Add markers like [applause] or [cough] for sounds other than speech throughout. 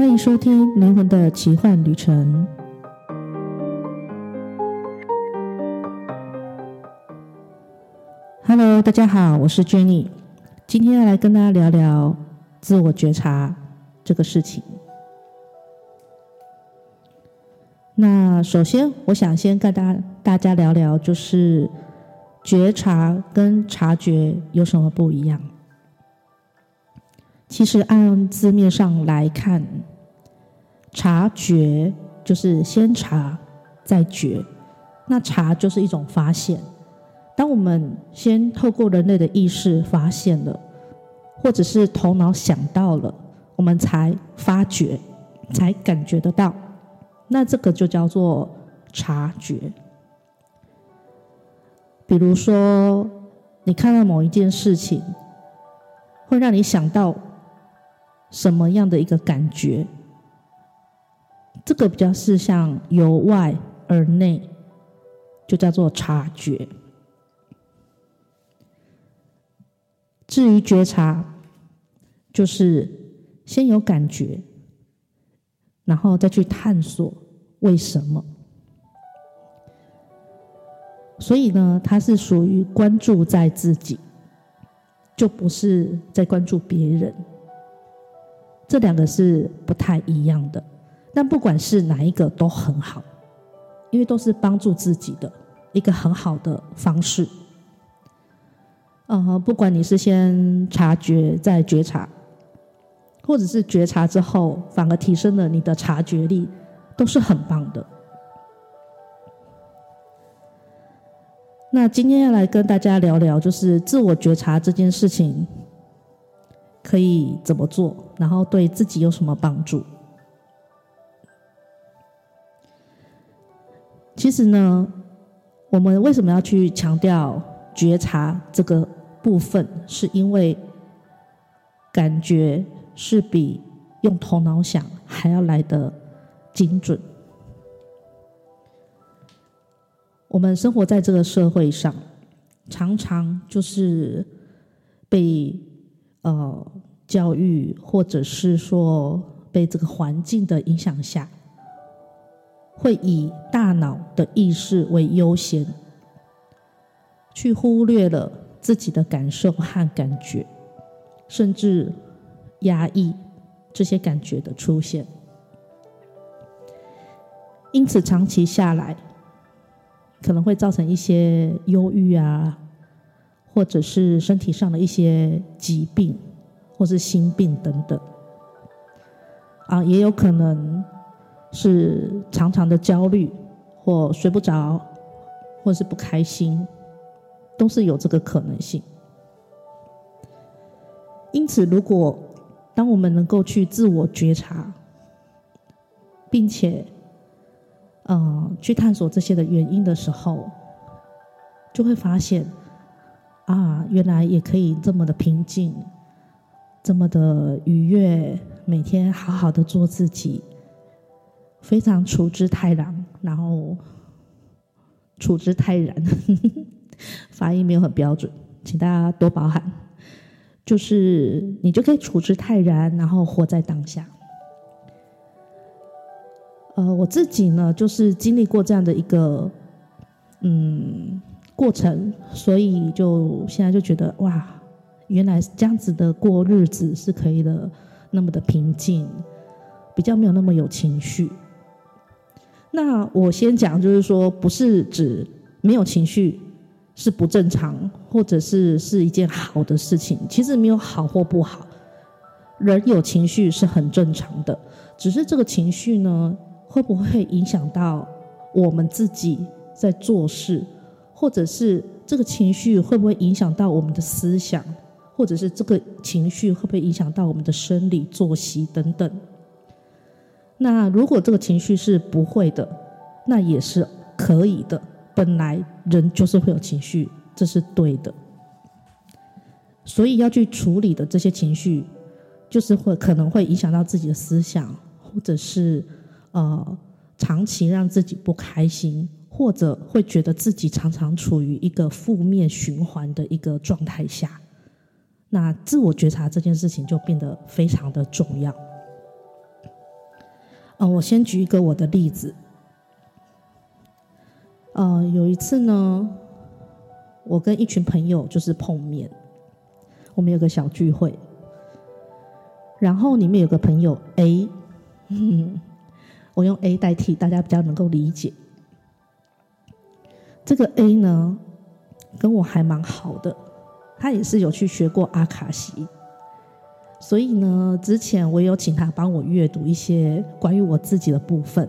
歡迎收聽《靈魂的奇幻旅程》。Hello，大家好，我是 Jannie，今天要來跟大家聊聊自我覺察這個事情。那首先，我想先跟大大家聊聊，就是覺察跟察覺有什麼不一樣？其實按字面上來看，察覺就是先察再覺，那察就是一種發現。當我們先透過人類的意識發現了，或者是頭腦想到了，我們才發覺，才感覺得到。那這個就叫做察覺。比如說，你看到某一件事情，會讓你想到什麼樣的一個感覺？這個比較是像由外而內，就叫做察覺。至於覺察，就是先有感覺，然後再去探索為什麼。所以呢，它是屬於關注在自己，就不是在關注別人。這兩個是不太一樣的。但不管是哪一個都很好，因為都是幫助自己的一個很好的方式。嗯，不管你是先察覺再覺察，或者是覺察之後反而提升了你的察覺力，都是很棒的。那今天要來跟大家聊聊，就是自我覺察這件事情可以怎麼做，然後對自己有什麼幫助。其實呢，我們為什麼要去強調覺察這個部分，是因為感覺是比用頭腦想還要來得精準。我們生活在這個社會上，常常就是被呃教育，或者是說被這個環境的影響下。會以大腦的意識為優先，去忽略了自己的感受和感覺，甚至壓抑這些感覺的出現。因此，長期下來可能會造成一些憂鬱啊，或者是身體上的一些疾病，或是心病等等。啊，也有可能。是常常的焦慮，或睡不着，或是不開心，都是有這個可能性。因此，如果當我們能夠去自我覺察，並且，呃，去探索這些的原因的時候，就會發現，啊，原來也可以這麼的平靜，這麼的愉悅，每天好好的做自己。非常處之泰然，然後處之泰然， [laughs] 發音沒有很標準，請大家多包涵。就是你就可以處之泰然，然後活在當下。呃，我自己呢，就是經歷過這樣的一個嗯過程，所以就現在就覺得哇，原來這樣子的過日子是可以的，那麼的平靜，比較沒有那麼有情緒。那我先講，就是說，不是指沒有情緒是不正常，或者是是一件好的事情。其實沒有好或不好，人有情緒是很正常的。只是這個情緒呢，會不會影響到我們自己在做事，或者是這個情緒會不會影響到我們的思想，或者是這個情緒會不會影響到我們的生理作息等等。那如果這個情緒是不會的，那也是可以的。本來人就是會有情緒，這是對的。所以要去處理的這些情緒，就是會可能會影響到自己的思想，或者是呃長期讓自己不開心，或者會覺得自己常常處於一個負面循環的一個狀態下。那自我覺察這件事情就變得非常的重要。嗯，哦，我先舉一個我的例子。呃，有一次呢，我跟一群朋友就是碰面，我們有個小聚會，然後裡面有個朋友 A，嗯，我用 A 代替，大家比較能夠理解。這個 A 呢，跟我還蠻好的，他也是有去學過阿卡西。所以呢，之前我有請他幫我閱讀一些關於我自己的部分。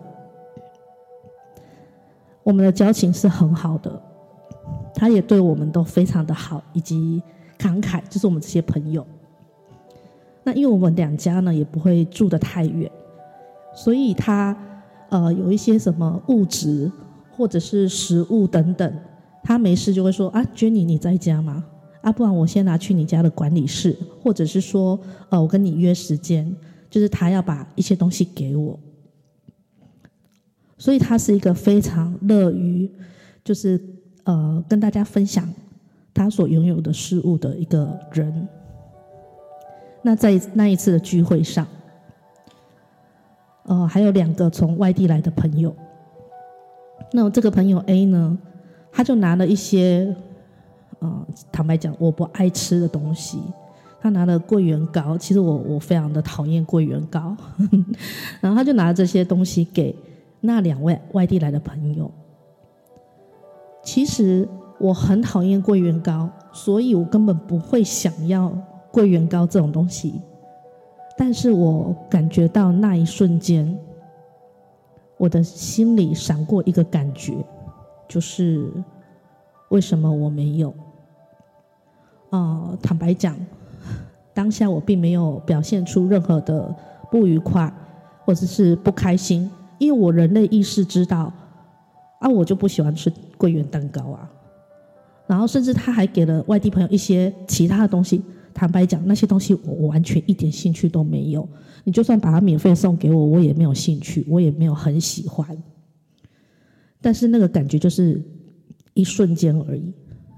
我們的交情是很好的，他也對我們都非常的好，以及慷慨，就是我們這些朋友。那因為我們兩家呢也不會住得太遠，所以他呃有一些什麼物質或者是食物等等，他沒事就會說，啊，Jannie，你在家嗎？啊，不然我先拿去你家的管理室，或者是說，呃，我跟你約時間，就是他要把一些東西給我。所以他是一個非常樂於，就是呃，跟大家分享他所擁有的事物的一個人。那在那一次的聚會上，呃，還有兩個從外地來的朋友。那我這個朋友 A 呢，他就拿了一些。啊、嗯，坦白講，我不愛吃的東西。他拿了桂圓糕，其實我我非常的討厭桂圓糕呵呵，然後他就拿了這些東西給那兩位外地來的朋友。其實我很討厭桂圓糕，所以我根本不會想要桂圓糕這種東西。但是我感覺到那一瞬間，我的心裡閃過一個感覺，就是為什麼我沒有？啊、呃，坦白講，當下我並沒有表現出任何的不愉快或者是不開心，因為我人類意識知道，啊，我就不喜歡吃桂圓蛋糕啊。然後甚至他還給了外地朋友一些其他的東西，坦白講，那些東西我，我完全一點興趣都沒有。你就算把它免費送給我，我也沒有興趣，我也沒有很喜歡。但是那個感覺就是一瞬間而已，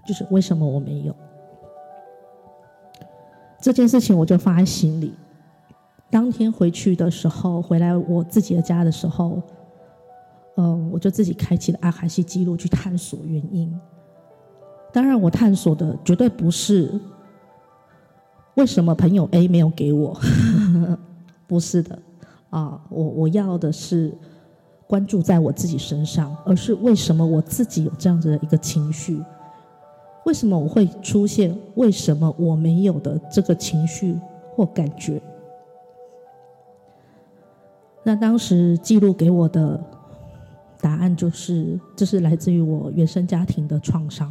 就是為什麼我沒有？這件事情我就放在心裡。當天回去的時候，回來我自己的家的時候，嗯、呃，我就自己開啟了阿卡西記錄去探索原因。當然，我探索的絕對不是為什麼朋友 A 沒有給我， [laughs] 不是的啊、呃，我我要的是關注在我自己身上，而是為什麼我自己有這樣子的一個情緒。為什麼我會出現？為什麼我沒有的這個情緒或感覺？那當時紀錄給我的答案就是：這、就是來自於我原生家庭的創傷。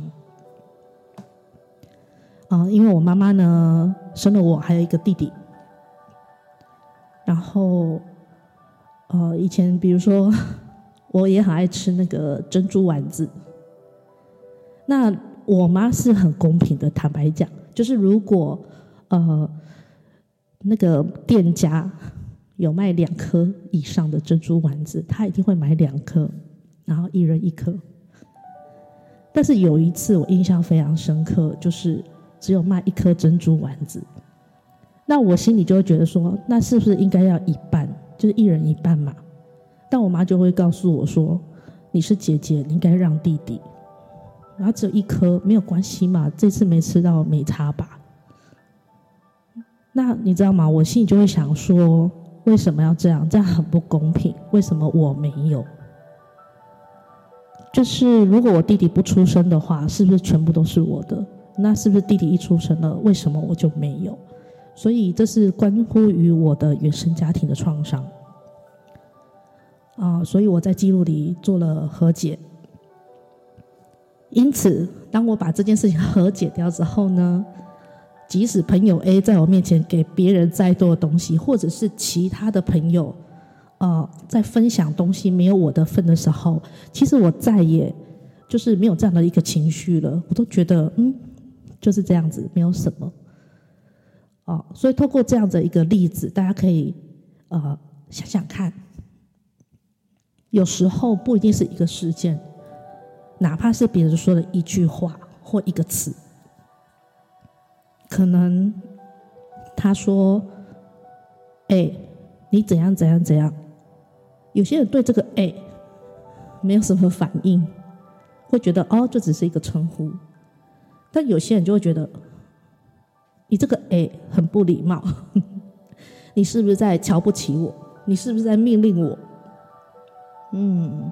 啊、呃，因為我媽媽呢生了我，還有一個弟弟。然後，呃，以前比如說，我也很愛吃那個珍珠丸子。那。我媽是很公平的，坦白講，就是如果，呃，那個店家有賣兩顆以上的珍珠丸子，她一定會買兩顆，然後一人一顆。但是有一次我印象非常深刻，就是只有賣一顆珍珠丸子，那我心裡就會覺得說，那是不是應該要一半，就是一人一半嘛？但我媽就會告訴我說，你是姐姐，你應該讓弟弟。然後只有一顆，沒有關係嘛，這次沒吃到，沒差吧。那你知道嗎？我心裡就會想說，為什麼要這樣？這樣很不公平，為什麼我沒有？就是如果我弟弟不出生的話，是不是全部都是我的？那是不是弟弟一出生了，為什麼我就沒有？所以這是關乎於我的原生家庭的創傷。啊，所以我在記錄裡做了和解。因此，當我把這件事情和解掉之後呢，即使朋友 A 在我面前給別人再多的東西，或者是其他的朋友，呃，在分享東西沒有我的份的時候，其實我再也就是沒有這樣的一個情緒了。我都覺得，嗯，就是這樣子，沒有什麼。哦、呃，所以透過這樣的一個例子，大家可以呃想想看，有時候不一定是一個事件。哪怕是別人說的一句話或一個詞，可能他說：“哎、欸，你怎樣怎樣怎樣。”有些人對這個、欸“哎”沒有什麼反應，會覺得哦，這只是一個稱呼。但有些人就會覺得，你這個、欸“哎”很不禮貌呵呵，你是不是在瞧不起我？你是不是在命令我？嗯。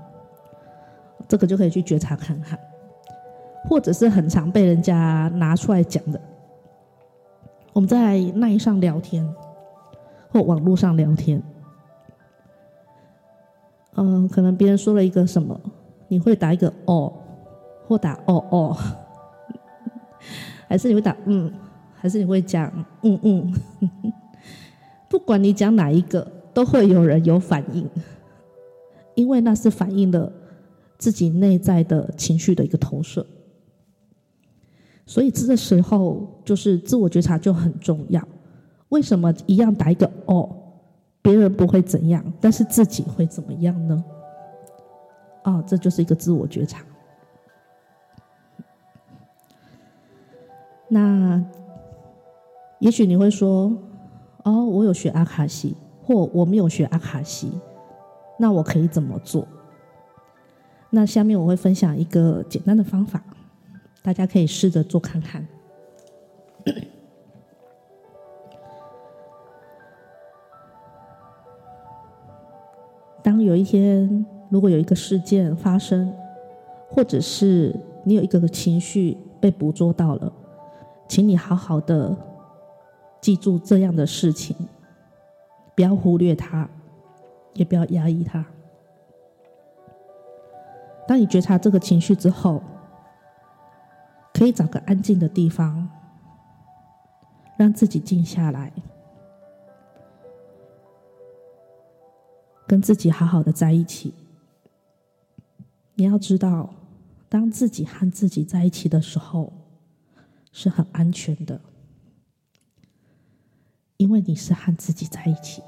這個就可以去覺察看看，或者是很常被人家拿出來講的。我們在 LINE 上聊天，或網絡上聊天，嗯，可能別人說了一個什麼，你會打一個哦，或打哦哦，還是你會打嗯，還是你會講嗯嗯。不管你講哪一個，都會有人有反應，因為那是反應的。自己內在的情緒的一個投射，所以這個時候就是自我覺察就很重要。為什麼一樣打一個哦，別人不會怎樣，但是自己會怎麼樣呢？啊、哦，這就是一個自我覺察。那也許你會說，哦，我有學阿卡西，或我沒有學阿卡西，那我可以怎麼做？那下面我會分享一個簡單的方法，大家可以試着做看看。 [coughs] 當有一天，如果有一個事件發生，或者是你有一個情緒被捕捉到了，請你好好的記住這樣的事情，不要忽略它，也不要壓抑它。當你覺察這個情緒之後，可以找個安靜的地方，讓自己靜下來，跟自己好好的在一起。你要知道，當自己和自己在一起的時候，是很安全的，因為你是和自己在一起。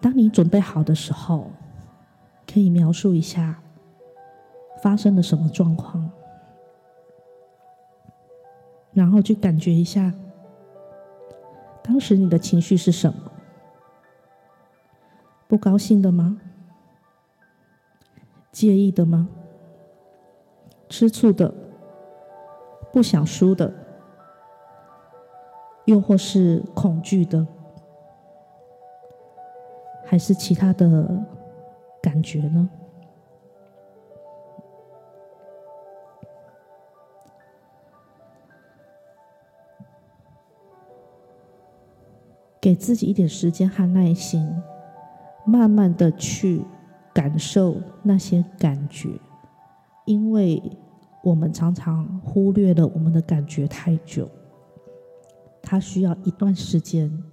當你準備好的時候，可以描述一下發生了什麼狀況，然後去感覺一下當時你的情緒是什麼？不高興的嗎？介意的嗎？吃醋的？不想輸的？又或是恐懼的？還是其他的？感覺呢？給自己一點時間和耐心，慢慢的去感受那些感覺，因為我們常常忽略了我們的感覺太久，它需要一段時間，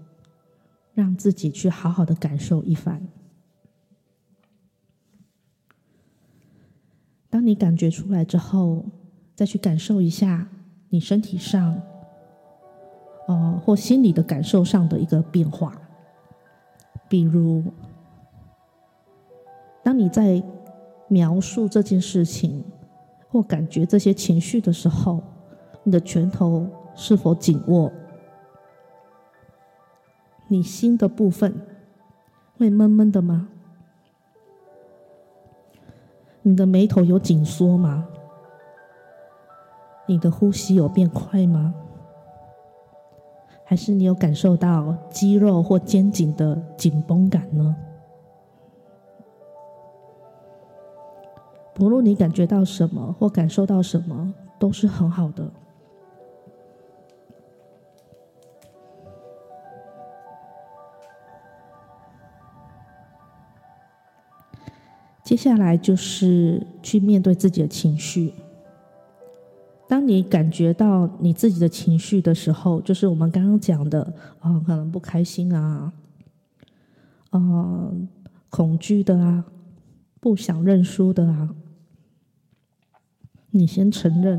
讓自己去好好的感受一番。當你感覺出來之後，再去感受一下你身體上，呃，或心理的感受上的一個變化。比如，當你在描述這件事情或感覺這些情緒的時候，你的拳頭是否緊握？你心的部分會悶悶的嗎？你的眉頭有緊縮嗎？你的呼吸有變快嗎？還是你有感受到肌肉或肩頸的緊繃感呢？不論你感覺到什麼或感受到什麼，都是很好的。接下來就是去面對自己的情緒。當你感覺到你自己的情緒的時候，就是我們剛剛講的啊，可能不開心啊，啊，恐懼的啊，不想認輸的啊，你先承認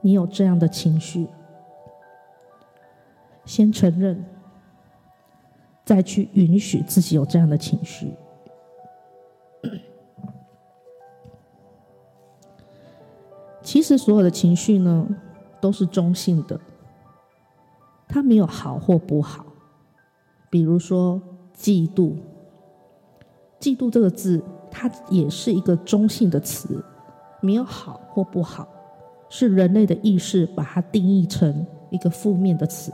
你有這樣的情緒，先承認，再去允許自己有這樣的情緒。其實，所有的情緒呢，都是中性的，它沒有好或不好。比如說，嫉妒，嫉妒這個字，它也是一個中性的詞，沒有好或不好，是人類的意識把它定義成一個負面的詞。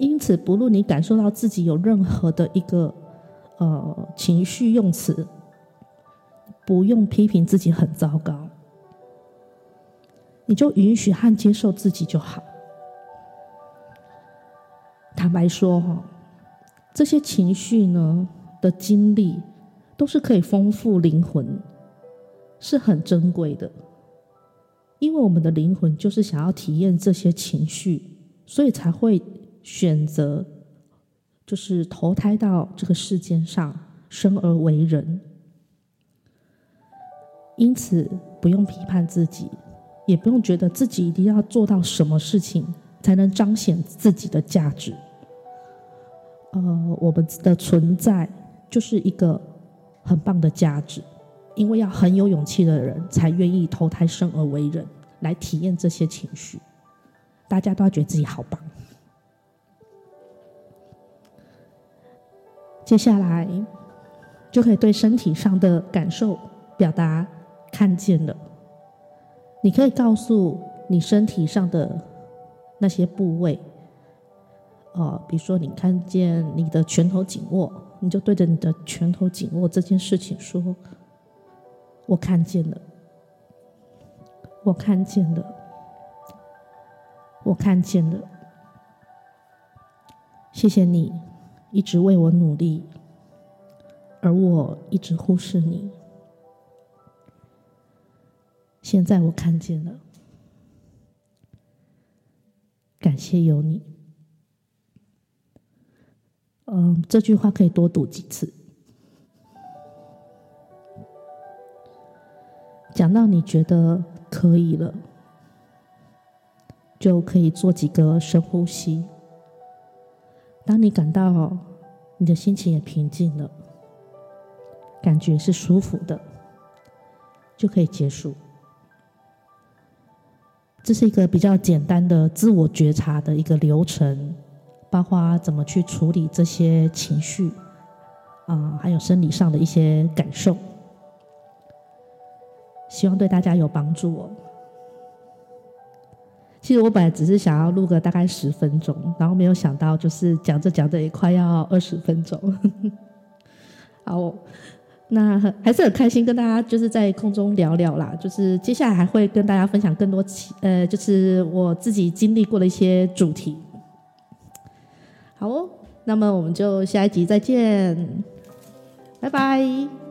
因此，不論你感受到自己有任何的一個呃情緒用詞，不用批評自己很糟糕。你就允許和接受自己就好。坦白說，哈，這些情緒呢的經歷，都是可以豐富靈魂，是很珍貴的。因為我們的靈魂就是想要體驗這些情緒，所以才會選擇，就是投胎到這個世間上，生而為人。因此，不用批判自己。也不用覺得自己一定要做到什麼事情才能彰顯自己的價值。呃，我們的存在就是一個很棒的價值，因為要很有勇氣的人才願意投胎生而為人，來體驗這些情緒。大家都要覺得自己好棒。接下來就可以對身體上的感受表達看見了。你可以告訴你身體上的那些部位，哦，比如說你看見你的拳頭緊握，你就對着你的拳頭緊握這件事情說：“我看見了，我看見了，我看見了。”謝謝你一直為我努力，而我一直忽視你。現在我看見了，感謝有你。嗯，這句話可以多讀幾次。講到你覺得可以了，就可以做幾個深呼吸。當你感到你的心情也平靜了，感覺是舒服的，就可以結束。這是一個比較簡單的自我覺察的一個流程，包括怎麼去處理這些情緒，啊、呃，還有生理上的一些感受，希望對大家有幫助哦。其實我本來只是想要錄個大概十分鐘，然後沒有想到就是講著講著也快要二十分鐘。 [laughs] 好、哦。那很，還是很開心跟大家就是在空中聊聊啦，就是接下來還會跟大家分享更多呃，就是我自己經歷過的一些主題。好哦，那麼我們就下一集再見，拜拜。